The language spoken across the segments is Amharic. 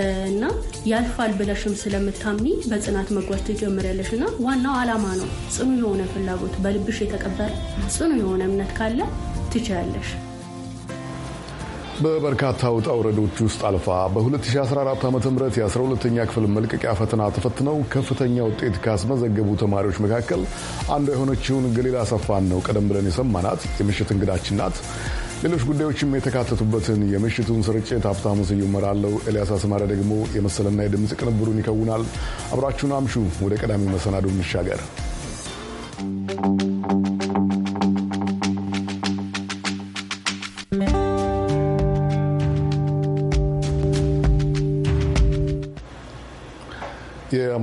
እና ያልፋል ብለሽም ስለምታምኒ በጽናት መጓዝ ትጀምሪያለሽ። እና ዋናው ዓላማ ነው። ጽኑ የሆነ ፍላጎት በልብሽ የተቀበረ ጽኑ የሆነ እምነት ካለ ትችያለሽ። በበርካታ ውጣ ውረዶች ውስጥ አልፋ በ2014 ዓ ም የ12ኛ ክፍል መልቀቂያ ፈተና ተፈትነው ከፍተኛ ውጤት ካስመዘገቡ ተማሪዎች መካከል አንዷ የሆነችውን ገሊላ አሰፋን ነው ቀደም ብለን የሰማናት የምሽት እንግዳችን ናት። ሌሎች ጉዳዮችም የተካተቱበትን የምሽቱን ስርጭት ሀብታሙ ስዩም እመራለሁ። ኤልያስ አስማሪያ ደግሞ የመሰለና የድምፅ ቅንብሩን ይከውናል። አብራችሁን አምሹ። ወደ ቀዳሚ መሰናዶ እንሻገር።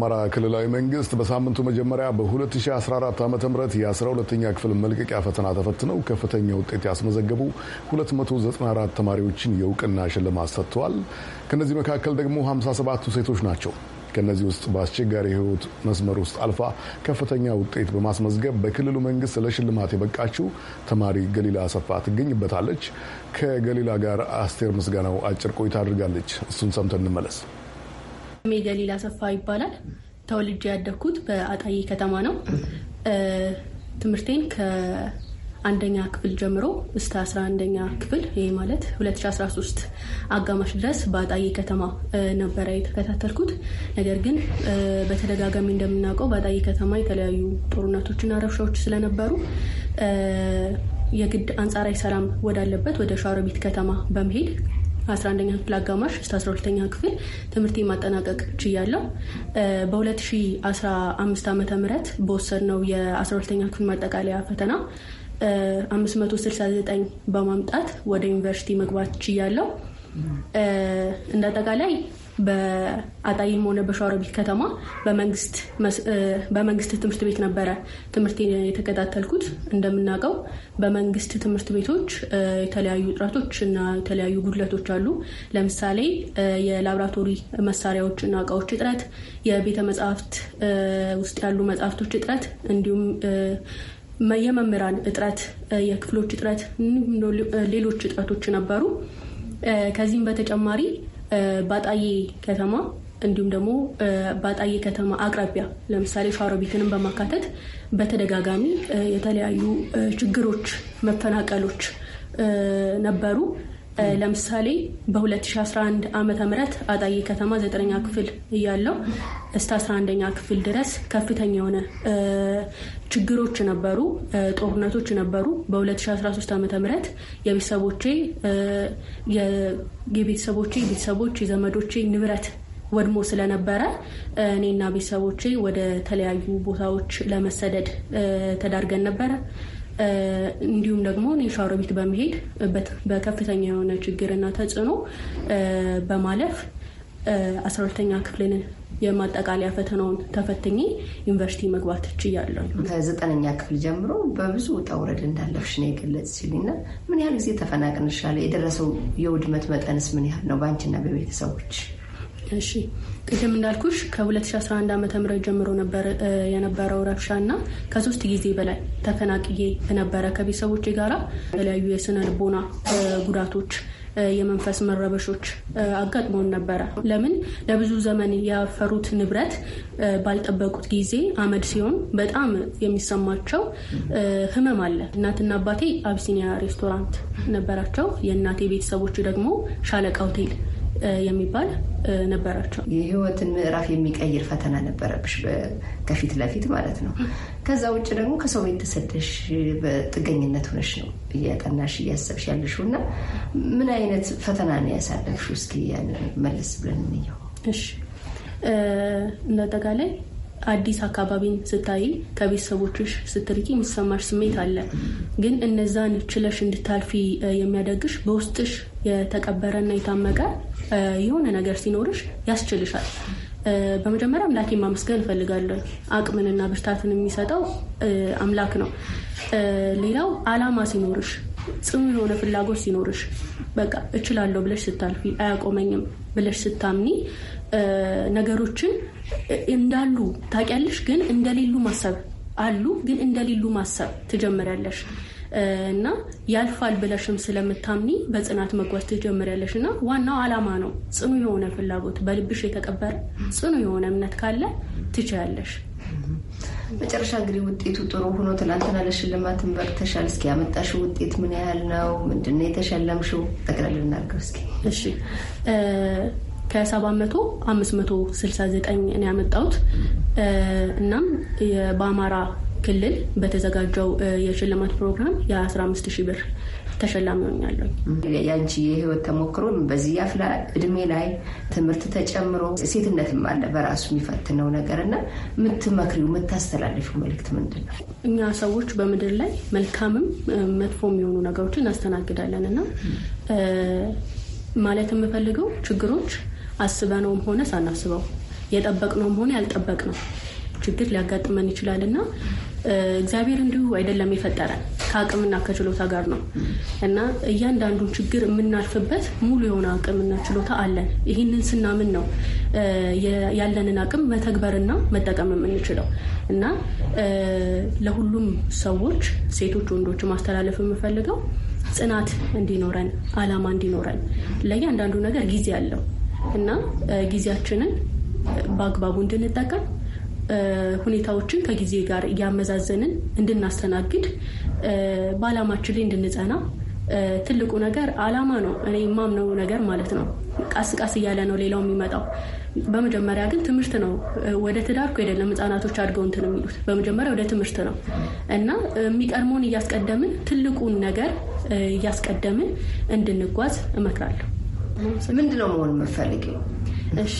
የአማራ ክልላዊ መንግስት በሳምንቱ መጀመሪያ በ2014 ዓ ም የ12ኛ ክፍል መልቀቂያ ፈተና ተፈትነው ከፍተኛ ውጤት ያስመዘገቡ 294 ተማሪዎችን የእውቅና ሽልማት ሰጥተዋል። ከእነዚህ መካከል ደግሞ 57ቱ ሴቶች ናቸው። ከእነዚህ ውስጥ በአስቸጋሪ ህይወት መስመር ውስጥ አልፋ ከፍተኛ ውጤት በማስመዝገብ በክልሉ መንግስት ለሽልማት የበቃችው ተማሪ ገሊላ አሰፋ ትገኝበታለች። ከገሊላ ጋር አስቴር ምስጋናው አጭር ቆይታ አድርጋለች። እሱን ሰምተን እንመለስ። ስሜ ገሊላ ሰፋ ይባላል። ተወልጄ ያደግኩት በአጣዬ ከተማ ነው። ትምህርቴን ከአንደኛ ክፍል ጀምሮ እስከ 11ኛ ክፍል ይህ ማለት 2013 አጋማሽ ድረስ በአጣዬ ከተማ ነበረ የተከታተልኩት። ነገር ግን በተደጋጋሚ እንደምናውቀው በአጣዬ ከተማ የተለያዩ ጦርነቶችና ረብሻዎች ስለነበሩ የግድ አንጻራዊ ሰላም ወዳለበት ወደ ሸዋሮቢት ከተማ በመሄድ 11ኛ ክፍል አጋማሽ እስከ 12ኛ ክፍል ትምህርት ማጠናቀቅ ችያለሁ። በ2015 ዓ ም በወሰድነው የ12ኛ ክፍል ማጠቃለያ ፈተና 569 በማምጣት ወደ ዩኒቨርሲቲ መግባት ችያለሁ። እንደ አጠቃላይ በአጣይም ሆነ በሸዋሮቢት ከተማ በመንግስት ትምህርት ቤት ነበረ ትምህርት የተከታተልኩት። እንደምናውቀው በመንግስት ትምህርት ቤቶች የተለያዩ እጥረቶች እና የተለያዩ ጉድለቶች አሉ። ለምሳሌ የላብራቶሪ መሳሪያዎች እና እቃዎች እጥረት፣ የቤተ መጽሐፍት ውስጥ ያሉ መጽሐፍቶች እጥረት እንዲሁም የመምህራን እጥረት፣ የክፍሎች እጥረት፣ ሌሎች እጥረቶች ነበሩ። ከዚህም በተጨማሪ ባጣዬ ከተማ እንዲሁም ደግሞ ባጣዬ ከተማ አቅራቢያ ለምሳሌ ሸዋሮቢትንም በማካተት በተደጋጋሚ የተለያዩ ችግሮች፣ መፈናቀሎች ነበሩ። ለምሳሌ በ2011 ዓ ም አጣዬ ከተማ ዘጠነኛ ክፍል እያለው እስከ 11ኛ ክፍል ድረስ ከፍተኛ የሆነ ችግሮች ነበሩ፣ ጦርነቶች ነበሩ። በ2013 ዓ ም የቤተሰቦቼ የቤተሰቦቼ ቤተሰቦች የዘመዶቼ ንብረት ወድሞ ስለነበረ እኔና ቤተሰቦቼ ወደ ተለያዩ ቦታዎች ለመሰደድ ተዳርገን ነበረ። እንዲሁም ደግሞ እኔ ቤት በመሄድ በከፍተኛ የሆነ ችግርና ተጽዕኖ በማለፍ አስራ ሁለተኛ ክፍልን የማጠቃለያ ፈተናውን ተፈትኝ ዩኒቨርሲቲ መግባት እችላለሁ። ከዘጠነኛ ክፍል ጀምሮ በብዙ ውጣ ውረድ እንዳለፍሽ ነው የገለጽሽልኝ። እና ምን ያህል ጊዜ ተፈናቅንሻለ? የደረሰው የውድመት መጠንስ ምን ያህል ነው በአንቺና በቤተሰቦች? እሺ ቅድም እንዳልኩሽ ከ2011 ዓ ም ጀምሮ ነበር የነበረው ረብሻ እና ከሶስት ጊዜ በላይ ተፈናቅዬ ነበረ ከቤተሰቦች ጋራ የተለያዩ የስነ ልቦና ጉዳቶች የመንፈስ መረበሾች አጋጥሞን ነበረ። ለምን ለብዙ ዘመን ያፈሩት ንብረት ባልጠበቁት ጊዜ አመድ ሲሆን በጣም የሚሰማቸው ህመም አለ። እናትና አባቴ አብሲኒያ ሬስቶራንት ነበራቸው። የእናቴ ቤተሰቦች ደግሞ ሻለቃ ሆቴል የሚባል ነበራቸው። የህይወትን ምዕራፍ የሚቀይር ፈተና ነበረብሽ ከፊት ለፊት ማለት ነው። ከዛ ውጭ ደግሞ ከሰው ቤት ተሰደሽ በጥገኝነት ሆነሽ ነው እያጠናሽ እያሰብሽ ያለሽው እና ምን አይነት ፈተና ነው ያሳለፍሽው? እስኪ መለስ ብለን እንየው። እሺ እንዳጠቃላይ አዲስ አካባቢን ስታይ ከቤተሰቦችሽ ስትርቂ የሚሰማሽ ስሜት አለ። ግን እነዛን ችለሽ እንድታልፊ የሚያደግሽ በውስጥሽ የተቀበረና የታመቀ የሆነ ነገር ሲኖርሽ ያስችልሻል። በመጀመሪያ አምላኬ ማመስገን እፈልጋለሁ። አቅምንና ብርታትን የሚሰጠው አምላክ ነው። ሌላው አላማ ሲኖርሽ፣ ጽኑ የሆነ ፍላጎት ሲኖርሽ፣ በቃ እችላለሁ ብለሽ ስታልፊ፣ አያቆመኝም ብለሽ ስታምኒ ነገሮችን እንዳሉ ታውቂያለሽ፣ ግን እንደሌሉ ማሰብ አሉ፣ ግን እንደሌሉ ማሰብ ትጀምሪያለሽ። እና ያልፋል ብለሽም ስለምታምኒ በጽናት መጓዝ ትጀምሪያለሽ እና ዋናው አላማ ነው። ጽኑ የሆነ ፍላጎት በልብሽ የተቀበረ ጽኑ የሆነ እምነት ካለ ትችያለሽ። መጨረሻ እንግዲህ ውጤቱ ጥሩ ሆኖ ትላንትና ለሽልማት በቅተሻል። እስኪ ያመጣሽው ውጤት ምን ያህል ነው? ምንድን የተሸለምሽው? ጠቅለል እናድርገው እስኪ። እሺ ከሰባት መቶ አምስት መቶ ስልሳ ዘጠኝ ነው ያመጣሁት። እናም በአማራ ክልል በተዘጋጀው የሽልማት ፕሮግራም የ15 ሺህ ብር ተሸላሚ ሆኛለሁ። ያንቺ የህይወት ተሞክሮ በዚህ ያፍላ እድሜ ላይ ትምህርት ተጨምሮ ሴትነትም አለ በራሱ የሚፈትነው ነገር እና የምትመክሪው የምታስተላለፊው መልእክት ምንድን ነው? እኛ ሰዎች በምድር ላይ መልካምም መጥፎ የሆኑ ነገሮችን እናስተናግዳለን እና ማለት የምፈልገው ችግሮች አስበነውም ሆነ ሳናስበው የጠበቅነውም ሆነ ያልጠበቅነው ችግር ሊያጋጥመን ይችላል እና እግዚአብሔር እንዲሁ አይደለም የፈጠረን ከአቅምና ከችሎታ ጋር ነው እና እያንዳንዱን ችግር የምናልፍበት ሙሉ የሆነ አቅምና ችሎታ አለን። ይህንን ስናምን ነው ያለንን አቅም መተግበርና መጠቀም የምንችለው እና ለሁሉም ሰዎች ሴቶች፣ ወንዶች ማስተላለፍ የምፈልገው ጽናት እንዲኖረን አላማ እንዲኖረን ለእያንዳንዱ ነገር ጊዜ አለው እና ጊዜያችንን በአግባቡ እንድንጠቀም ሁኔታዎችን ከጊዜ ጋር እያመዛዘንን እንድናስተናግድ በአላማችን ላይ እንድንጸና ትልቁ ነገር አላማ ነው። እኔ የማምነው ነገር ማለት ነው። ቃስ ቃስ እያለ ነው ሌላው የሚመጣው። በመጀመሪያ ግን ትምህርት ነው። ወደ ትዳር እኮ አይደለም ህጻናቶች አድገው እንትን የሚሉት በመጀመሪያ ወደ ትምህርት ነው እና የሚቀድመውን እያስቀደምን ትልቁን ነገር እያስቀደምን እንድንጓዝ እመክራለሁ። ምንድነው መሆን የምፈልገው? እሺ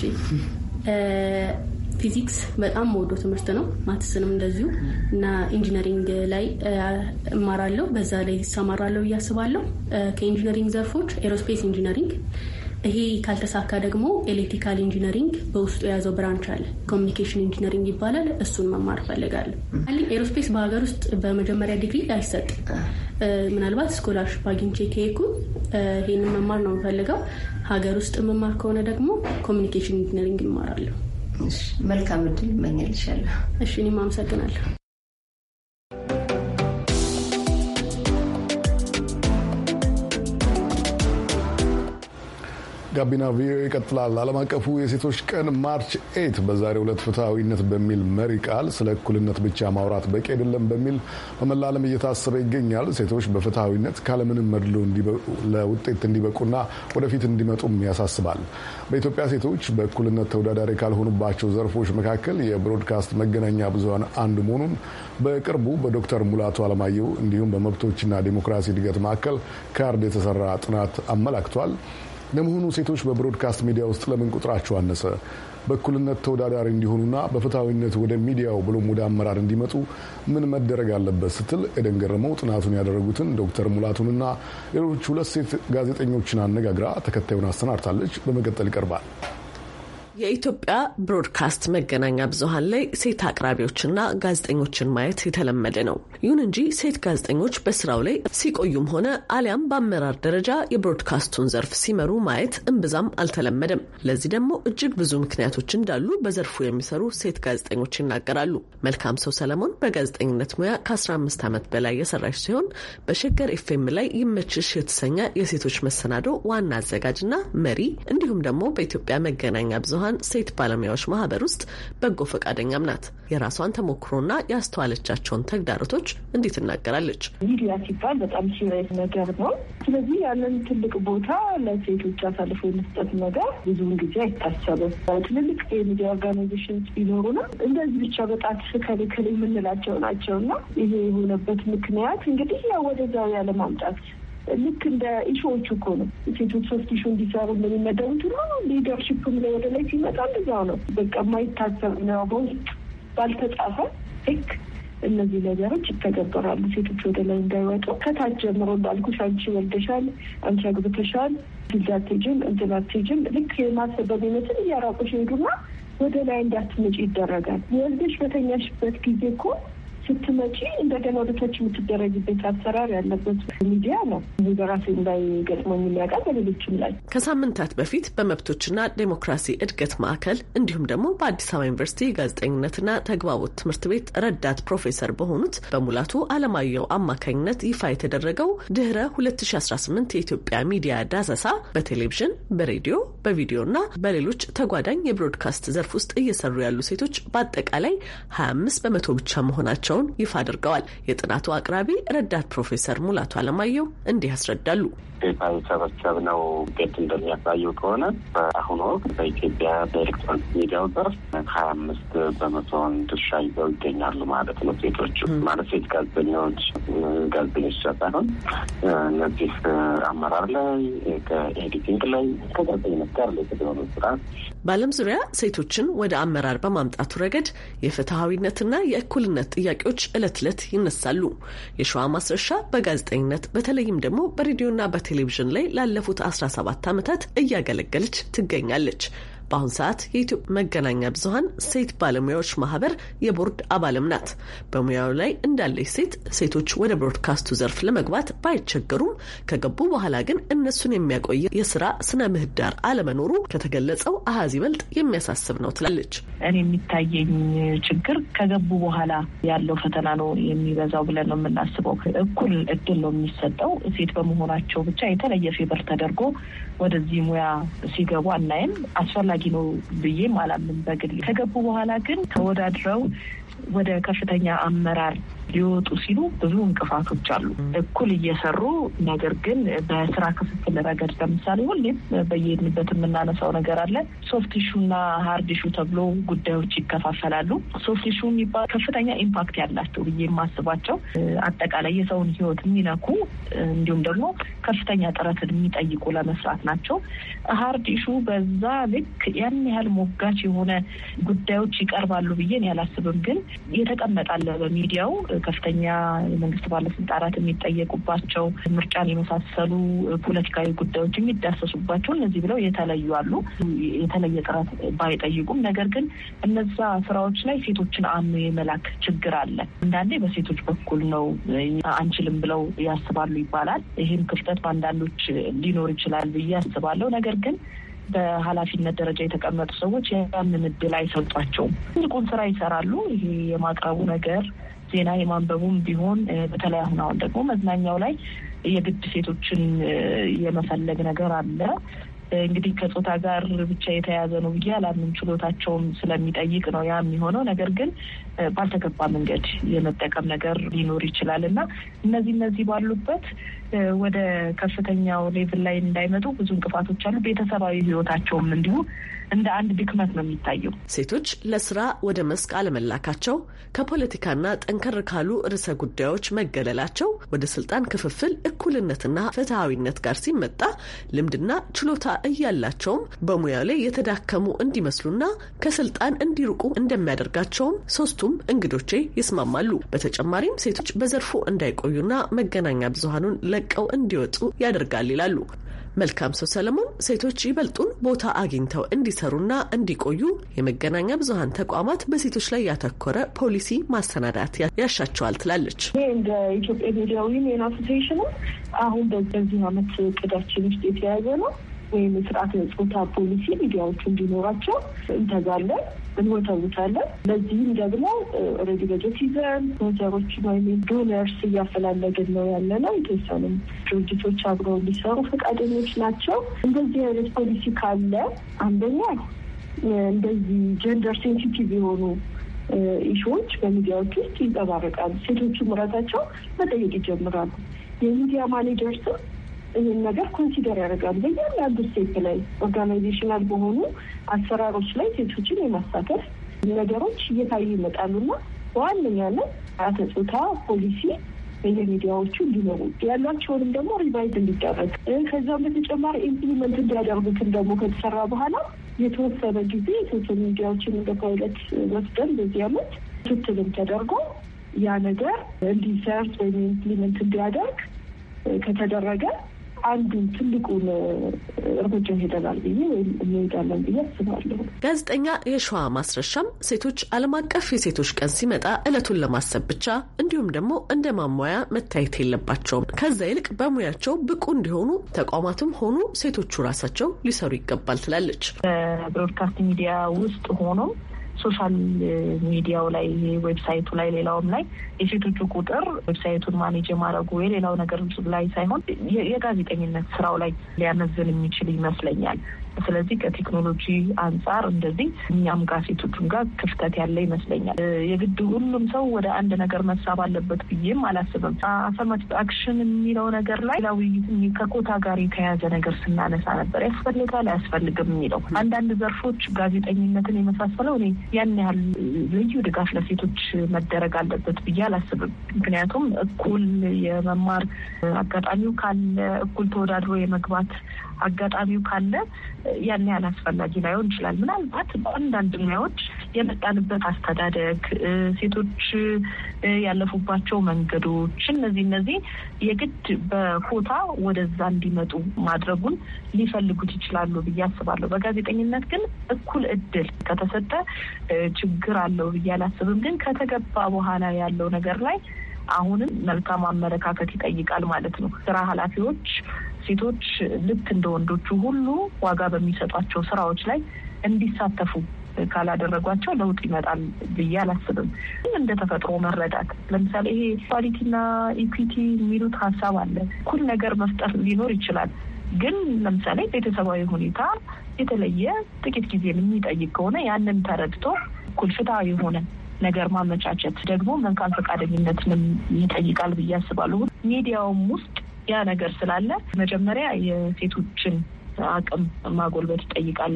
ፊዚክስ በጣም መወዶ ትምህርት ነው። ማትስንም እንደዚሁ እና ኢንጂነሪንግ ላይ እማራለሁ። በዛ ላይ እሰማራለሁ እያስባለሁ። ከኢንጂነሪንግ ዘርፎች ኤሮስፔስ ኢንጂነሪንግ ይሄ ካልተሳካ ደግሞ ኤሌክትሪካል ኢንጂነሪንግ በውስጡ የያዘው ብራንች አለ፣ ኮሚኒኬሽን ኢንጂነሪንግ ይባላል። እሱን መማር እፈልጋለሁ። ኤሮስፔስ በሀገር ውስጥ በመጀመሪያ ዲግሪ አይሰጥ ምናልባት ስኮላርሺፕ አግኝቼ ከሄድኩኝ ይህንን መማር ነው የምፈልገው። ሀገር ውስጥ መማር ከሆነ ደግሞ ኮሚኒኬሽን ኢንጂነሪንግ እማራለሁ። መልካም እድል እመኝልሻለሁ። እሺ፣ እኔም አመሰግናለሁ። ጋቢና ቪኦኤ ይቀጥላል። ዓለም አቀፉ የሴቶች ቀን ማርች ኤት በዛሬው ዕለት ፍትሐዊነት በሚል መሪ ቃል ስለ እኩልነት ብቻ ማውራት በቂ አይደለም በሚል በመላ ዓለም እየታሰበ ይገኛል። ሴቶች በፍትሐዊነት ካለምንም መድሎ ለውጤት እንዲበቁና ወደፊት እንዲመጡም ያሳስባል። በኢትዮጵያ ሴቶች በእኩልነት ተወዳዳሪ ካልሆኑባቸው ዘርፎች መካከል የብሮድካስት መገናኛ ብዙሀን አንዱ መሆኑን በቅርቡ በዶክተር ሙላቱ አለማየሁ እንዲሁም በመብቶችና ዲሞክራሲ እድገት ማዕከል ካርድ የተሰራ ጥናት አመላክቷል። ለመሆኑ ሴቶች በብሮድካስት ሚዲያ ውስጥ ለምን ቁጥራቸው አነሰ? በእኩልነት ተወዳዳሪ እንዲሆኑና በፍትሐዊነት ወደ ሚዲያው ብሎም ወደ አመራር እንዲመጡ ምን መደረግ አለበት ስትል ኤደን ገረመው ጥናቱን ያደረጉትን ዶክተር ሙላቱንና ሌሎች ሁለት ሴት ጋዜጠኞችን አነጋግራ ተከታዩን አሰናድታለች። በመቀጠል ይቀርባል። የኢትዮጵያ ብሮድካስት መገናኛ ብዙሀን ላይ ሴት አቅራቢዎችና ጋዜጠኞችን ማየት የተለመደ ነው። ይሁን እንጂ ሴት ጋዜጠኞች በስራው ላይ ሲቆዩም ሆነ አሊያም በአመራር ደረጃ የብሮድካስቱን ዘርፍ ሲመሩ ማየት እምብዛም አልተለመደም። ለዚህ ደግሞ እጅግ ብዙ ምክንያቶች እንዳሉ በዘርፉ የሚሰሩ ሴት ጋዜጠኞች ይናገራሉ። መልካም ሰው ሰለሞን በጋዜጠኝነት ሙያ ከ15 ዓመት በላይ የሰራች ሲሆን በሸገር ኤፍኤም ላይ ይመችሽ የተሰኘ የሴቶች መሰናዶ ዋና አዘጋጅና መሪ እንዲሁም ደግሞ በኢትዮጵያ መገናኛ ብዙሀን ኢትዮጵያውያን ሴት ባለሙያዎች ማህበር ውስጥ በጎ ፈቃደኛም ናት። የራሷን ተሞክሮና ያስተዋለቻቸውን ተግዳሮቶች እንዴት ትናገራለች። ሚዲያ ሲባል በጣም ሲሪየስ ነገር ነው። ስለዚህ ያንን ትልቅ ቦታ ለሴቶች አሳልፎ የመስጠት ነገር ብዙውን ጊዜ አይታሰብም። ትልልቅ የሚዲያ ኦርጋናይዜሽን ቢኖሩንም እንደዚህ ብቻ በጣት ከሌ የምንላቸው ናቸው እና ይሄ የሆነበት ምክንያት እንግዲህ ያው ወደዛው ያለማምጣት ልክ እንደ ኢሾዎቹ እኮ ነው። ሴቶች ሶስት ኢሾ እንዲሰሩ እንደሚመደቡት ነው። ሊደርሽፕም ላይ ወደ ላይ ሲመጣ እንደዛው ነው። በቃ የማይታሰብ ነው። በውስጥ ባልተጻፈ ህግ እነዚህ ነገሮች ይተገበራሉ። ሴቶች ወደ ላይ እንዳይወጡ ከታች ጀምሮ እንዳልኩሽ፣ አንቺ ወልደሻል፣ አንቺ አግብተሻል፣ ግዛቴጅም እንትናቴጅም ልክ የማሰበብ በሚመስል እያራቁሽ ሄዱና ወደ ላይ እንዳትመጪ ይደረጋል። ወልደሽ በተኛሽበት ጊዜ እኮ ስትመጪ እንደገና ወደታች የምትደረግበት አሰራር ያለበት ሚዲያ ነው። ብዙ በራሴ ላይ የሚያውቃል በሌሎችም ላይ ከሳምንታት በፊት በመብቶችና ዴሞክራሲ እድገት ማዕከል እንዲሁም ደግሞ በአዲስ አበባ ዩኒቨርሲቲ ጋዜጠኝነትና ተግባቦት ትምህርት ቤት ረዳት ፕሮፌሰር በሆኑት በሙላቱ አለማየሁ አማካኝነት ይፋ የተደረገው ድህረ 2018 የኢትዮጵያ ሚዲያ ዳሰሳ በቴሌቪዥን፣ በሬዲዮ፣ በቪዲዮና በሌሎች ተጓዳኝ የብሮድካስት ዘርፍ ውስጥ እየሰሩ ያሉ ሴቶች በአጠቃላይ 25 በመቶ ብቻ መሆናቸው። መሆናቸውን ይፋ አድርገዋል። የጥናቱ አቅራቢ ረዳት ፕሮፌሰር ሙላቱ አለማየሁ እንዲህ ያስረዳሉ። ፔፓል ሰበሰብ ነው ውጤት እንደሚያሳየው ከሆነ በአሁኑ ወቅት በኢትዮጵያ በኤሌክትሮኒክ ሚዲያው ዘርፍ ሀያ አምስት በመቶን ድርሻ ይዘው ይገኛሉ ማለት ነው። ሴቶቹ ማለት ሴት ጋዜጠኞች ጋዜጠኞች ሳይሆን እነዚህ አመራር ላይ ከኤዲቲንግ ላይ ከጋዜጠኝነት ጋር ላይ ተደሆኑ ስራ በዓለም ዙሪያ ሴቶችን ወደ አመራር በማምጣቱ ረገድ የፍትሐዊነትና የእኩልነት ጥያቄዎች እለት ዕለት ይነሳሉ። የሸዋ ማስረሻ በጋዜጠኝነት በተለይም ደግሞ በሬዲዮና በቴ ቴሌቪዥን ላይ ላለፉት 17 ዓመታት እያገለገለች ትገኛለች። በአሁን ሰዓት የኢትዮጵያ መገናኛ ብዙኃን ሴት ባለሙያዎች ማህበር የቦርድ አባልም ናት። በሙያው ላይ እንዳለች ሴት ሴቶች ወደ ብሮድካስቱ ዘርፍ ለመግባት ባይቸገሩም ከገቡ በኋላ ግን እነሱን የሚያቆየ የስራ ስነ ምህዳር አለመኖሩ ከተገለጸው አሀዝ ይበልጥ የሚያሳስብ ነው ትላለች። እኔ የሚታየኝ ችግር ከገቡ በኋላ ያለው ፈተና ነው የሚበዛው ብለን ነው የምናስበው። እኩል እድል ነው የሚሰጠው። ሴት በመሆናቸው ብቻ የተለየ ፌበር ተደርጎ ወደዚህ ሙያ ሲገቡ አናይም። አስፈላጊ አስፈላጊ ነው ብዬም አላምን በግል ከገቡ በኋላ ግን ተወዳድረው ወደ ከፍተኛ አመራር ሊወጡ ሲሉ ብዙ እንቅፋቶች አሉ። እኩል እየሰሩ ነገር ግን በስራ ክፍፍል ረገድ ለምሳሌ ሁሌም በየሄድንበት የምናነሳው ነገር አለ። ሶፍት ሹና ሀርድ ሹ ተብሎ ጉዳዮች ይከፋፈላሉ። ሶፍት ሹ የሚባል ከፍተኛ ኢምፓክት ያላቸው ብዬ የማስባቸው አጠቃላይ የሰውን ህይወት የሚነኩ እንዲሁም ደግሞ ከፍተኛ ጥረትን የሚጠይቁ ለመስራት ናቸው። ሀርድ ሹ በዛ ልክ ያን ያህል ሞጋች የሆነ ጉዳዮች ይቀርባሉ ብዬን ያላስብም። ግን የተቀመጣለ በሚዲያው ከፍተኛ የመንግስት ባለስልጣናት የሚጠየቁባቸው ምርጫን የመሳሰሉ ፖለቲካዊ ጉዳዮች የሚዳሰሱባቸው እነዚህ ብለው የተለዩ አሉ። የተለየ ጥረት ባይጠይቁም ነገር ግን እነዛ ስራዎች ላይ ሴቶችን አምኖ የመላክ ችግር አለ። አንዳንዴ በሴቶች በኩል ነው አንችልም ብለው ያስባሉ ይባላል። ይህም ክፍተት በአንዳንዶች ሊኖር ይችላል ብዬ አስባለሁ። ነገር ግን በኃላፊነት ደረጃ የተቀመጡ ሰዎች ያንን እድል አይሰጧቸውም። ትልቁን ስራ ይሰራሉ። ይሄ የማቅረቡ ነገር ዜና የማንበቡም ቢሆን በተለይ አሁን አሁን ደግሞ መዝናኛው ላይ የግድ ሴቶችን የመፈለግ ነገር አለ። እንግዲህ ከጾታ ጋር ብቻ የተያዘ ነው ብዬ አላምን። ችሎታቸውም ስለሚጠይቅ ነው ያ የሚሆነው። ነገር ግን ባልተገባ መንገድ የመጠቀም ነገር ሊኖር ይችላል እና እነዚህ እነዚህ ባሉበት ወደ ከፍተኛው ሌቭል ላይ እንዳይመጡ ብዙ እንቅፋቶች አሉ። ቤተሰባዊ ህይወታቸውም እንዲሁ እንደ አንድ ድክመት ነው የሚታየው። ሴቶች ለስራ ወደ መስክ አለመላካቸው፣ ከፖለቲካና ጠንከር ካሉ ርዕሰ ጉዳዮች መገለላቸው ወደ ስልጣን ክፍፍል እኩልነትና ፍትሐዊነት ጋር ሲመጣ ልምድና ችሎታ እያላቸውም በሙያው ላይ የተዳከሙ እንዲመስሉና ከስልጣን እንዲርቁ እንደሚያደርጋቸውም ሶስቱም እንግዶቼ ይስማማሉ። በተጨማሪም ሴቶች በዘርፉ እንዳይቆዩና መገናኛ ብዙሃኑን ለቀው እንዲወጡ ያደርጋል ይላሉ። መልካም ሰው ሰለሞን ሴቶች ይበልጡን ቦታ አግኝተው እንዲሰሩና እንዲቆዩ የመገናኛ ብዙኃን ተቋማት በሴቶች ላይ ያተኮረ ፖሊሲ ማሰናዳት ያሻቸዋል ትላለች። ይህ እንደ ኢትዮጵያ ሚዲያ ወይም አሶሲዬሽንም አሁን በዚህ አመት እቅዳችን ውስጥ የተያዘ ነው። ወይም የስርዓት ፆታ ፖሊሲ ሚዲያዎቹ እንዲኖራቸው እንተጋለን፣ እንወተውታለን። ለዚህም ደግሞ ኦልሬዲ በጀት ይዘን ዶነሮች ወይም ዶነርስ እያፈላለግን ነው ያለ ነው። የተወሰኑም ድርጅቶች አብረው እንዲሰሩ ፈቃደኞች ናቸው። እንደዚህ አይነት ፖሊሲ ካለ አንደኛ እንደዚህ ጀንደር ሴንሲቲቭ የሆኑ ኢሹዎች በሚዲያዎች ውስጥ ይንጸባረቃሉ። ሴቶቹ ምራታቸው መጠየቅ ይጀምራሉ። የሚዲያ ማኔጀርስም ይህን ነገር ኮንሲደር ያደርጋል። በእያንዳንዱ ስቴት ላይ ኦርጋናይዜሽናል በሆኑ አሰራሮች ላይ ሴቶችን የማሳተፍ ነገሮች እየታዩ ይመጣሉና በዋነኛነት አተጾታ ፖሊሲ በየሚዲያዎቹ እንዲኖሩ ያሏቸውንም ደግሞ ሪቫይዝ እንዲደረግ ከዚያም በተጨማሪ ኢምፕሊመንት እንዲያደርጉትን ደግሞ ከተሰራ በኋላ የተወሰነ ጊዜ የሶሻል ሚዲያዎችን እንደ ፓይለት ወስደን በዚህ አመት ክትትልም ተደርጎ ያ ነገር እንዲሰርት ወይም ኢምፕሊመንት እንዲያደርግ ከተደረገ አንዱ ትልቁን እርምጃ ሄደናል ብዬ ወይም እንሄዳለን ብዬ አስባለሁ። ጋዜጠኛ የሸዋ ማስረሻም ሴቶች ዓለም አቀፍ የሴቶች ቀን ሲመጣ እለቱን ለማሰብ ብቻ እንዲሁም ደግሞ እንደ ማሟያ መታየት የለባቸውም። ከዛ ይልቅ በሙያቸው ብቁ እንዲሆኑ ተቋማትም ሆኑ ሴቶቹ ራሳቸው ሊሰሩ ይገባል ትላለች። በብሮድካስት ሚዲያ ውስጥ ሆኖ ሶሻል ሚዲያው ላይ ዌብሳይቱ ላይ ሌላውም ላይ የሴቶቹ ቁጥር ዌብሳይቱን ማኔጅ የማድረጉ የሌላው ነገር ላይ ሳይሆን የጋዜጠኝነት ስራው ላይ ሊያመዝን የሚችል ይመስለኛል። ስለዚህ ከቴክኖሎጂ አንጻር እንደዚህ እኛም ጋር ሴቶቹም ጋር ክፍተት ያለ ይመስለኛል። የግድ ሁሉም ሰው ወደ አንድ ነገር መሳብ አለበት ብዬም አላስብም። አፈርማቲቭ አክሽን የሚለው ነገር ላይ ውይይት ከኮታ ጋር የተያያዘ ነገር ስናነሳ ነበር። ያስፈልጋል አያስፈልግም የሚለው አንዳንድ ዘርፎች ጋዜጠኝነትን የመሳሰለው እኔ ያን ያህል ልዩ ድጋፍ ለሴቶች መደረግ አለበት ብዬ አላስብም። ምክንያቱም እኩል የመማር አጋጣሚው ካለ እኩል ተወዳድሮ የመግባት አጋጣሚው ካለ ያን ያህል አስፈላጊ ላይሆን ይችላል። ምናልባት በአንዳንድ ሙያዎች የመጣንበት አስተዳደግ፣ ሴቶች ያለፉባቸው መንገዶች፣ እነዚህ እነዚህ የግድ በኮታ ወደዛ እንዲመጡ ማድረጉን ሊፈልጉት ይችላሉ ብዬ አስባለሁ። በጋዜጠኝነት ግን እኩል እድል ከተሰጠ ችግር አለው ብዬ አላስብም። ግን ከተገባ በኋላ ያለው ነገር ላይ አሁንም መልካም አመለካከት ይጠይቃል ማለት ነው። ስራ ኃላፊዎች ሴቶች ልክ እንደ ወንዶቹ ሁሉ ዋጋ በሚሰጧቸው ስራዎች ላይ እንዲሳተፉ ካላደረጓቸው ለውጥ ይመጣል ብዬ አላስብም። እንደ ተፈጥሮ መረዳት ለምሳሌ ይሄ ኳሊቲና ኢኩዊቲ የሚሉት ሀሳብ አለ። እኩል ነገር መፍጠር ሊኖር ይችላል። ግን ለምሳሌ ቤተሰባዊ ሁኔታ የተለየ ጥቂት ጊዜ የሚጠይቅ ከሆነ ያንን ተረድቶ እኩል የሆነ ነገር ማመቻቸት ደግሞ መንካን ፈቃደኝነትንም ይጠይቃል ብዬ አስባለሁ። ሚዲያውም ውስጥ ያ ነገር ስላለ መጀመሪያ የሴቶችን አቅም ማጎልበት ይጠይቃል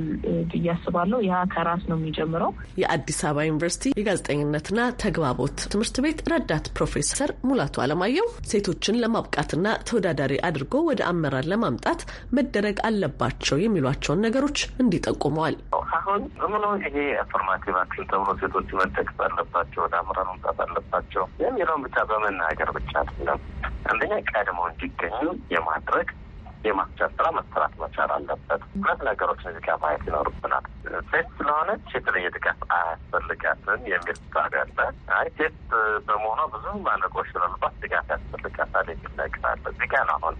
ብዬ አስባለሁ። ያ ከራስ ነው የሚጀምረው። የአዲስ አበባ ዩኒቨርሲቲ የጋዜጠኝነትና ተግባቦት ትምህርት ቤት ረዳት ፕሮፌሰር ሙላቱ አለማየሁ ሴቶችን ለማብቃትና ተወዳዳሪ አድርጎ ወደ አመራር ለማምጣት መደረግ አለባቸው የሚሏቸውን ነገሮች እንዲጠቁመዋል። አሁን ምኖ ይሄ አፈርማቲቭ አክሽን ተብሎ ሴቶች መደገፍ አለባቸው፣ ወደ አመራር መምጣት አለባቸው የሚለውን ብቻ በመናገር ብቻ አይደለም። አንደኛ ቀድመው እንዲገኙ የማድረግ የማስቻት ስራ መሰራት መቻል አለበት። ሁለት ነገሮች እዚህ ጋር ማየት ይኖርብናል። ሴት ስለሆነች የተለየ ድጋፍ አያስፈልጋትም የሚል ሳቢ አለ። አይ ሴት በመሆኗ ብዙ ማነቆች ስላሉባት ድጋፍ ያስፈልጋታል የሚል ነገር አለ። እዚህ ጋር ነው አሁን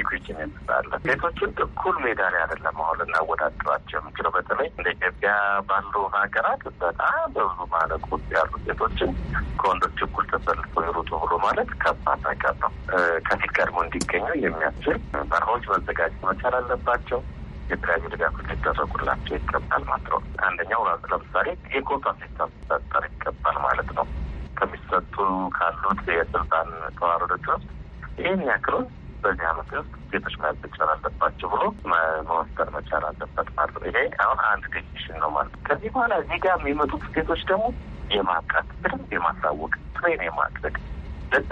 ኢኩዊቲ ነው ሴቶችን እኩል ሜዳ ላይ አይደለም አሁን ልናወዳድሯቸው የምችለው። በተለይ እንደ ኢትዮጵያ ባሉ ሀገራት በጣም በብዙ ማለቁ ያሉ ሴቶችን ከወንዶች እኩል ተሰልፎ ይሩጡ ብሎ ማለት ከባድ ነገር ነው። ከፊት ቀድሞ እንዲገኙ የሚያስችል መርሆች መዘጋጀት መቻል አለባቸው። የተለያዩ ድጋፎች ሊደረጉላቸው ይገባል ማለት ነው። አንደኛው ለምሳሌ የኮታ ሲስተም ሊፈጠር ይገባል ማለት ነው። ከሚሰጡ ካሉት የስልጣን ተዋረዶች ውስጥ ይህን ያክሉን በዚህ አመት ውስጥ ሴቶች ማለት አለባቸው ብሎ መወሰድ መቻል አለበት ማለት ነው። ይሄ አሁን አንድ ዴሲሽን ነው ማለት ነው። ከዚህ በኋላ እዚህ ጋር የሚመጡት ሴቶች ደግሞ የማብቃት በደንብ የማሳወቅ ትሬን የማድረግ ለዛ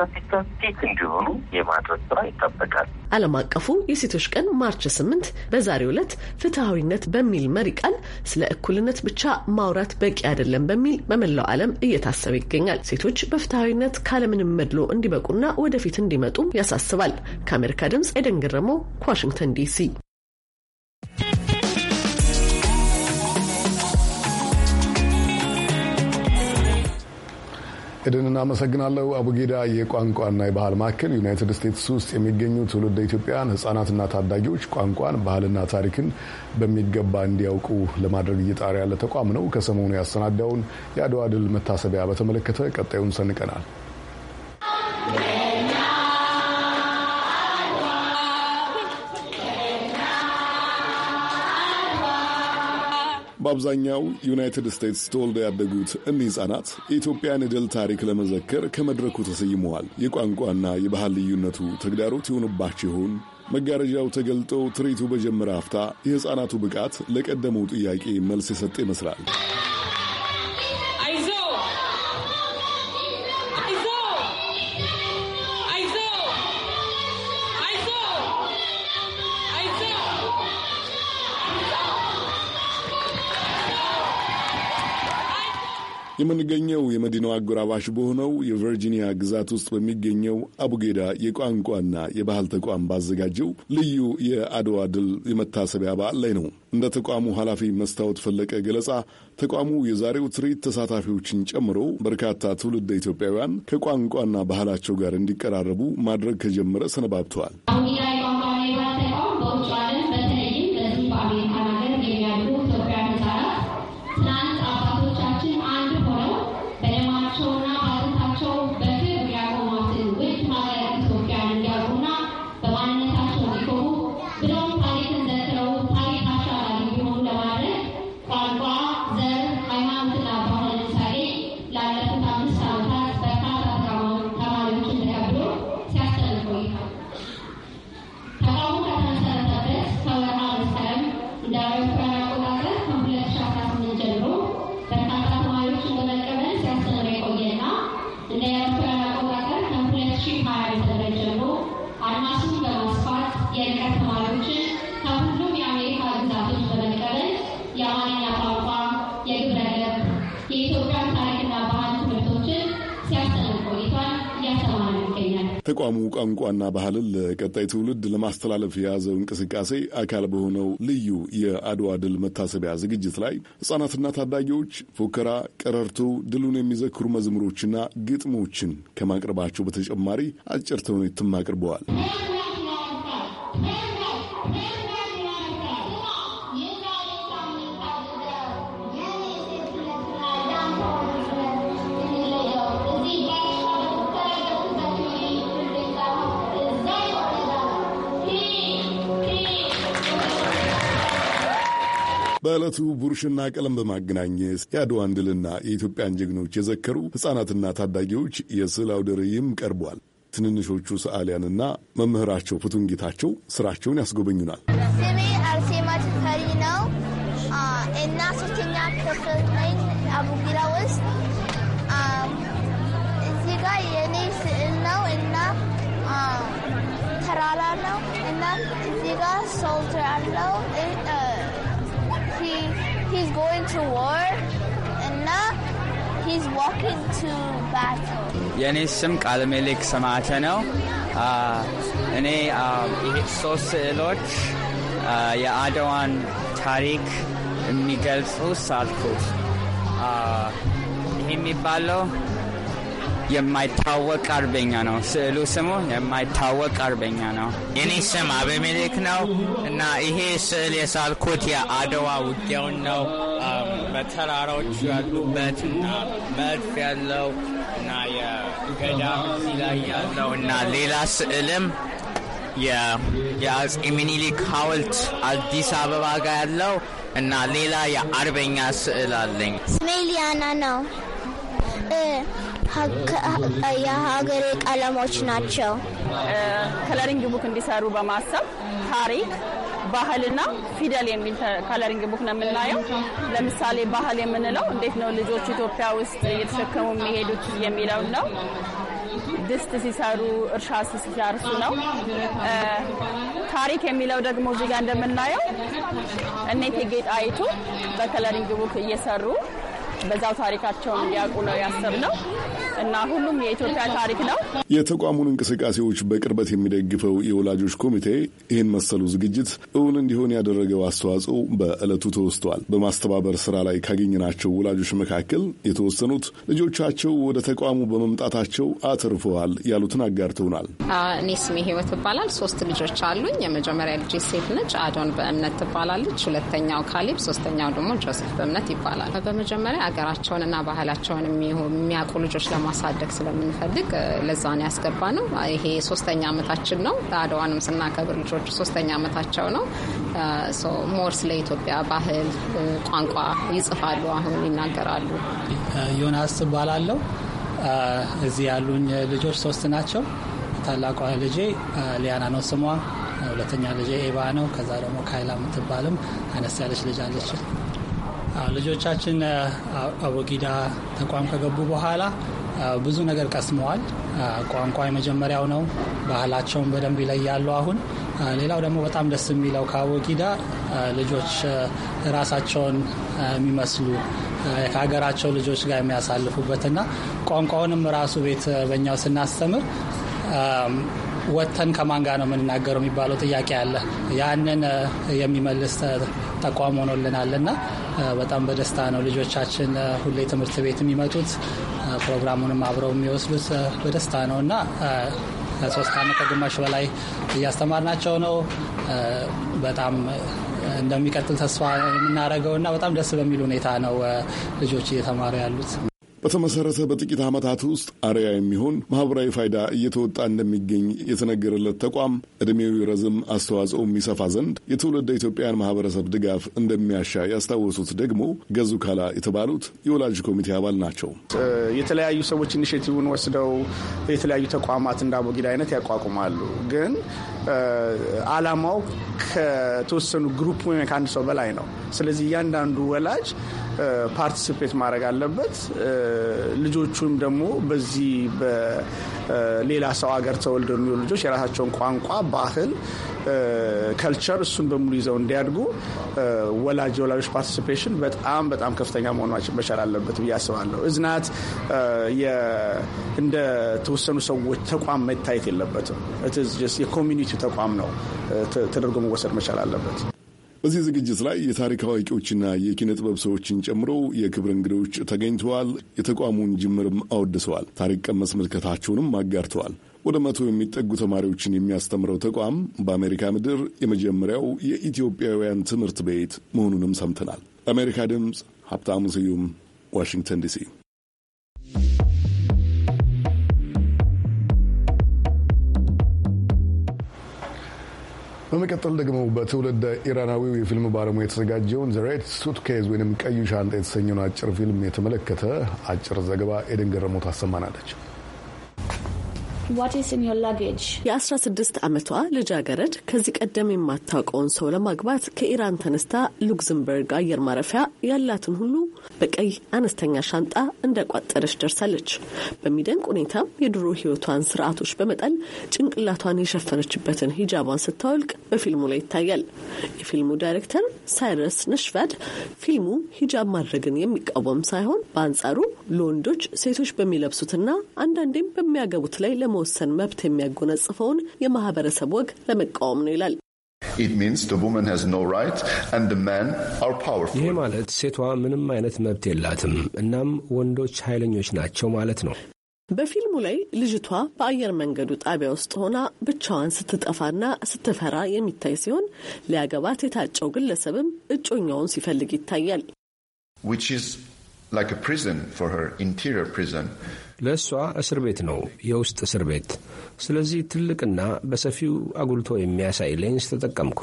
እንዲሆኑ የማድረግ ስራ ይጠበቃል። ዓለም አቀፉ የሴቶች ቀን ማርች ስምንት በዛሬው ዕለት ፍትሐዊነት በሚል መሪ ቃል ስለ እኩልነት ብቻ ማውራት በቂ አይደለም በሚል በመላው ዓለም እየታሰበ ይገኛል። ሴቶች በፍትሐዊነት ካለምንም መድሎ እንዲበቁና ወደፊት እንዲመጡም ያሳስባል። ከአሜሪካ ድምፅ ኤደን ገረመው ከዋሽንግተን ዲሲ ኤደን እናመሰግናለሁ። አቡጌዳ የቋንቋና የባህል ማዕከል ዩናይትድ ስቴትስ ውስጥ የሚገኙ ትውልደ ኢትዮጵያውያን ህጻናትና ታዳጊዎች ቋንቋን፣ ባህልና ታሪክን በሚገባ እንዲያውቁ ለማድረግ እየጣረ ያለ ተቋም ነው። ከሰሞኑ ያሰናዳውን የአድዋ ድል መታሰቢያ በተመለከተ ቀጣዩን ሰንቀናል። በአብዛኛው ዩናይትድ ስቴትስ ተወልደው ያደጉት እኒህ ህጻናት የኢትዮጵያን የድል ታሪክ ለመዘከር ከመድረኩ ተሰይመዋል። የቋንቋና የባህል ልዩነቱ ተግዳሮት የሆነባቸው ይሆን? መጋረጃው ተገልጦ ትርኢቱ በጀመረ አፍታ የሕፃናቱ ብቃት ለቀደመው ጥያቄ መልስ የሰጠ ይመስላል። የምንገኘው የመዲናው አጎራባሽ በሆነው የቨርጂኒያ ግዛት ውስጥ በሚገኘው አቡጌዳ የቋንቋና የባህል ተቋም ባዘጋጀው ልዩ የአድዋ ድል የመታሰቢያ በዓል ላይ ነው። እንደ ተቋሙ ኃላፊ መስታወት ፈለቀ ገለጻ ተቋሙ የዛሬው ትርኢት ተሳታፊዎችን ጨምሮ በርካታ ትውልድ ኢትዮጵያውያን ከቋንቋና ባህላቸው ጋር እንዲቀራረቡ ማድረግ ከጀመረ ሰነባብተዋል። የተቋሙ ቋንቋና ባህልን ለቀጣይ ትውልድ ለማስተላለፍ የያዘው እንቅስቃሴ አካል በሆነው ልዩ የአድዋ ድል መታሰቢያ ዝግጅት ላይ ሕጻናትና ታዳጊዎች ፉከራ፣ ቀረርቶ፣ ድሉን የሚዘክሩ መዝሙሮችና ግጥሞችን ከማቅረባቸው በተጨማሪ አጭር ተውኔትም አቅርበዋል። በዕለቱ ብሩሽና ቀለም በማገናኘት የአድዋን ድልና የኢትዮጵያን ጀግኖች የዘከሩ ሕፃናትና ታዳጊዎች የስዕል አውደ ርዕይም ቀርቧል። ትንንሾቹ ሰዓሊያንና መምህራቸው ፍቱን ጌታቸው ስራቸውን ያስጎበኙናል። ስሜ አርሴማ ትካሪ ነው እና ሶስተኛ ክፍል ነኝ አቡጊራ ውስጥ እዚህ ጋር የእኔ ስዕል ነው እና ተራራ ነው እና እዚህ ጋር ሶልተር አለው he's going to war እና ሂዝ ዋኪንግ ቱ ባትል የእኔ ስም ቃለ ምልክ ሰማዕተ ነው። እኔ ሶስት ስዕሎች የአድዋን ታሪክ የሚገልጹ ሳልኩት ይህ የሚባለው የማይታወቅ አርበኛ ነው። ስዕሉ ስሙ የማይታወቅ አርበኛ ነው። የኔ ስም አበሜሌክ ነው እና ይሄ ስዕል የሳልኩት የአድዋ ውጊያውን ነው። በተራራዎች ያሉበት እና መድፍ ያለው እና የገዳም ላይ ያለው እና ሌላ ስዕልም የአፄ ሚኒሊክ ሐውልት አዲስ አበባ ጋር ያለው እና ሌላ የአርበኛ ስዕል አለኝ። ስሜ ሊያና ነው። የሀገሬ ቀለሞች ናቸው። ከለሪንግ ቡክ እንዲሰሩ በማሰብ ታሪክ፣ ባህልና ፊደል የሚል ከለሪንግ ቡክ ነው የምናየው። ለምሳሌ ባህል የምንለው እንዴት ነው ልጆች ኢትዮጵያ ውስጥ እየተሸከሙ የሚሄዱት የሚለው ነው። ድስት ሲሰሩ፣ እርሻ ሲያርሱ ነው። ታሪክ የሚለው ደግሞ እዚጋ እንደምናየው እነ እቴጌ ጣይቱ በከለሪንግ ቡክ እየሰሩ በዛው ታሪካቸውን እንዲያውቁ ነው ያሰብነው እና ሁሉም የኢትዮጵያ ታሪክ ነው። የተቋሙን እንቅስቃሴዎች በቅርበት የሚደግፈው የወላጆች ኮሚቴ ይህን መሰሉ ዝግጅት እውን እንዲሆን ያደረገው አስተዋጽኦ በዕለቱ ተወስቷል። በማስተባበር ስራ ላይ ካገኘናቸው ወላጆች መካከል የተወሰኑት ልጆቻቸው ወደ ተቋሙ በመምጣታቸው አትርፈዋል ያሉትን አጋርተውናል። እኔ ስሜ ህይወት ይባላል። ሶስት ልጆች አሉኝ። የመጀመሪያ ልጅ ሴት ነች፣ አዶን በእምነት ትባላለች። ሁለተኛው ካሌብ፣ ሶስተኛው ደግሞ ጆሴፍ በእምነት ይባላል። በመጀመሪያ ና ባህላቸውን የሚያውቁ ልጆች ለማሳደግ ስለምንፈልግ ለዛ ነው ያስገባ ነው። ይሄ ሶስተኛ አመታችን ነው። አድዋንም ስናከብር ልጆቹ ሶስተኛ አመታቸው ነው። ሞር ስለ ኢትዮጵያ ባህል፣ ቋንቋ ይጽፋሉ፣ አሁን ይናገራሉ። ዮናስ እባላለሁ። እዚህ ያሉኝ ልጆች ሶስት ናቸው። ታላቋ ልጄ ሊያና ነው ስሟ። ሁለተኛ ልጄ ኤባ ነው። ከዛ ደግሞ ካይላ የምትባልም አነስ ያለች ልጅ አለች። ልጆቻችን አቦጊዳ ተቋም ከገቡ በኋላ ብዙ ነገር ቀስመዋል። ቋንቋ የመጀመሪያው ነው። ባህላቸውን በደንብ ይለያሉ። አሁን ሌላው ደግሞ በጣም ደስ የሚለው ከአቦጊዳ ልጆች ራሳቸውን የሚመስሉ ከሀገራቸው ልጆች ጋር የሚያሳልፉበትና ቋንቋውንም ራሱ ቤት በኛው ስናስተምር ወጥተን ከማን ጋር ነው የምንናገረው የሚባለው ጥያቄ አለ። ያንን የሚመልስ ተቋም ሆኖልናል እና በጣም በደስታ ነው ልጆቻችን ሁሌ ትምህርት ቤት የሚመጡት ፕሮግራሙንም አብረው የሚወስዱት በደስታ ነው እና ከሶስት አመት ከግማሽ በላይ እያስተማርናቸው ነው። በጣም እንደሚቀጥል ተስፋ የምናደርገው እና በጣም ደስ በሚል ሁኔታ ነው ልጆች እየተማሩ ያሉት። በተመሰረተ በጥቂት ዓመታት ውስጥ አርያ የሚሆን ማህበራዊ ፋይዳ እየተወጣ እንደሚገኝ የተነገረለት ተቋም ዕድሜው ይረዝም፣ አስተዋጽኦ የሚሰፋ ዘንድ የትውልደ ኢትዮጵያን ማህበረሰብ ድጋፍ እንደሚያሻ ያስታወሱት ደግሞ ገዙ ካላ የተባሉት የወላጅ ኮሚቴ አባል ናቸው። የተለያዩ ሰዎች ኢኒሽቲቭን ወስደው የተለያዩ ተቋማት እንደ አቦጊዳ አይነት ያቋቁማሉ። ግን አላማው ከተወሰኑ ግሩፕ ወይም ከአንድ ሰው በላይ ነው። ስለዚህ እያንዳንዱ ወላጅ ፓርቲስፔት ማድረግ አለበት። ልጆቹም ደግሞ በዚህ በሌላ ሰው ሀገር ተወልደው የሚሆኑ ልጆች የራሳቸውን ቋንቋ፣ ባህል፣ ከልቸር እሱን በሙሉ ይዘው እንዲያድጉ ወላጅ የወላጆች ፓርቲስፔሽን በጣም በጣም ከፍተኛ መሆናችን መቻል አለበት ብዬ አስባለሁ። እዝናት እንደ ተወሰኑ ሰዎች ተቋም መታየት የለበትም። የኮሚኒቲ ተቋም ነው ተደርጎ መወሰድ መቻል አለበት። በዚህ ዝግጅት ላይ የታሪክ አዋቂዎችና የኪነ ጥበብ ሰዎችን ጨምሮ የክብር እንግዶች ተገኝተዋል። የተቋሙን ጅምርም አወድሰዋል። ታሪክ ቀመስ ምልከታቸውንም አጋርተዋል። ወደ መቶ የሚጠጉ ተማሪዎችን የሚያስተምረው ተቋም በአሜሪካ ምድር የመጀመሪያው የኢትዮጵያውያን ትምህርት ቤት መሆኑንም ሰምተናል። ለአሜሪካ ድምፅ ሀብታሙ ስዩም ዋሽንግተን ዲሲ በመቀጠል ደግሞ በትውልድ ኢራናዊው የፊልም ባለሙያ የተዘጋጀውን ዘሬት ሱትኬዝ ወይም ቀዩ ሻንጣ የተሰኘውን አጭር ፊልም የተመለከተ አጭር ዘገባ ኤደን ገረሞት ታሰማናለች። የ16 ዓመቷ ልጃገረድ ከዚህ ቀደም የማታውቀውን ሰው ለማግባት ከኢራን ተነስታ ሉክዘምበርግ አየር ማረፊያ ያላትን ሁሉ በቀይ አነስተኛ ሻንጣ እንደቋጠረች ደርሳለች። በሚደንቅ ሁኔታም የድሮ ሕይወቷን ስርዓቶች በመጠል ጭንቅላቷን የሸፈነችበትን ሂጃቧን ስታወልቅ በፊልሙ ላይ ይታያል። የፊልሙ ዳይሬክተር ሳይረስ ነሽቫድ ፊልሙ ሂጃብ ማድረግን የሚቃወም ሳይሆን በአንጻሩ ለወንዶች ሴቶች በሚለብሱትና አንዳንዴም በሚያገቡት ላይ የመወሰን መብት የሚያጎነጽፈውን የማህበረሰብ ወግ ለመቃወም ነው ይላል። ይሄ ማለት ሴቷ ምንም አይነት መብት የላትም፣ እናም ወንዶች ኃይለኞች ናቸው ማለት ነው። በፊልሙ ላይ ልጅቷ በአየር መንገዱ ጣቢያ ውስጥ ሆና ብቻዋን ስትጠፋና ስትፈራ የሚታይ ሲሆን ሊያገባት የታጨው ግለሰብም እጮኛውን ሲፈልግ ይታያል። ለእሷ እስር ቤት ነው፣ የውስጥ እስር ቤት። ስለዚህ ትልቅና በሰፊው አጉልቶ የሚያሳይ ሌንስ ተጠቀምኩ።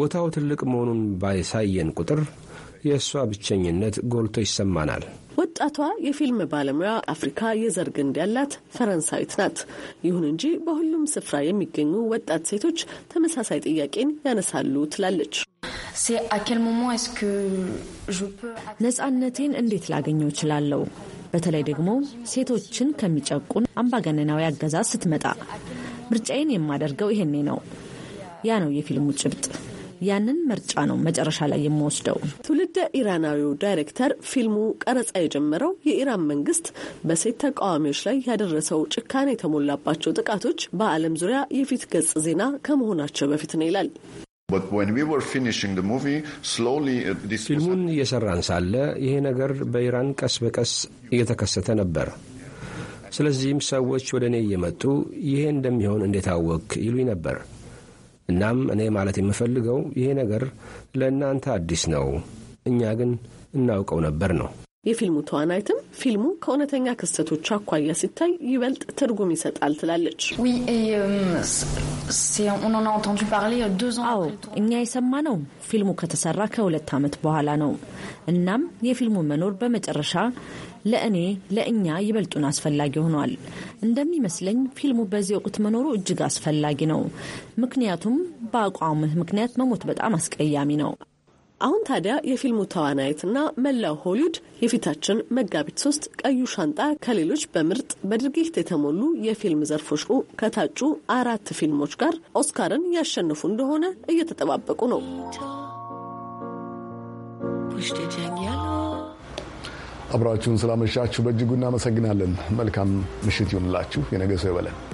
ቦታው ትልቅ መሆኑን ባሳየን ቁጥር የእሷ ብቸኝነት ጎልቶ ይሰማናል። ወጣቷ የፊልም ባለሙያ አፍሪካ የዘር ግንድ ያላት ፈረንሳዊት ናት። ይሁን እንጂ በሁሉም ስፍራ የሚገኙ ወጣት ሴቶች ተመሳሳይ ጥያቄን ያነሳሉ ትላለች። ነጻነቴን እንዴት ላገኘው እችላለሁ? በተለይ ደግሞ ሴቶችን ከሚጨቁን አምባገነናዊ አገዛዝ ስትመጣ ምርጫዬን የማደርገው ይሄኔ ነው። ያ ነው የፊልሙ ጭብጥ። ያንን ምርጫ ነው መጨረሻ ላይ የምወስደው። ትውልደ ኢራናዊው ዳይሬክተር ፊልሙ ቀረጻ የጀመረው የኢራን መንግስት በሴት ተቃዋሚዎች ላይ ያደረሰው ጭካኔ የተሞላባቸው ጥቃቶች በዓለም ዙሪያ የፊት ገጽ ዜና ከመሆናቸው በፊት ነው ይላል። Uh, ፊልሙን እየሰራን ሳለ ይሄ ነገር በኢራን ቀስ በቀስ እየተከሰተ ነበር። ስለዚህም ሰዎች ወደ እኔ እየመጡ ይሄ እንደሚሆን እንዴት አወቅ ይሉኝ ነበር። እናም እኔ ማለት የምፈልገው ይሄ ነገር ለእናንተ አዲስ ነው፣ እኛ ግን እናውቀው ነበር ነው። የፊልሙ ተዋናይትም ፊልሙ ከእውነተኛ ክስተቶች አኳያ ሲታይ ይበልጥ ትርጉም ይሰጣል ትላለች። um, Euh, አዎ እኛ የሰማነው ፊልሙ ከተሰራ ከሁለት ዓመት በኋላ ነው። እናም የፊልሙ መኖር በመጨረሻ ለእኔ ለእኛ ይበልጡን አስፈላጊ ሆኗል። እንደሚመስለኝ ፊልሙ በዚህ ወቅት መኖሩ እጅግ አስፈላጊ ነው። ምክንያቱም በአቋምህ ምክንያት መሞት በጣም አስቀያሚ ነው። አሁን ታዲያ የፊልሙ ተዋናይትና መላው ሆሊውድ የፊታችን መጋቢት ሶስት ቀዩ ሻንጣ ከሌሎች በምርጥ በድርጊት የተሞሉ የፊልም ዘርፎች ከታጩ አራት ፊልሞች ጋር ኦስካርን ያሸንፉ እንደሆነ እየተጠባበቁ ነው። አብራችሁን ስላመሻችሁ በእጅጉ እናመሰግናለን። መልካም ምሽት ይሁንላችሁ። የነገ ሰው ይበለን።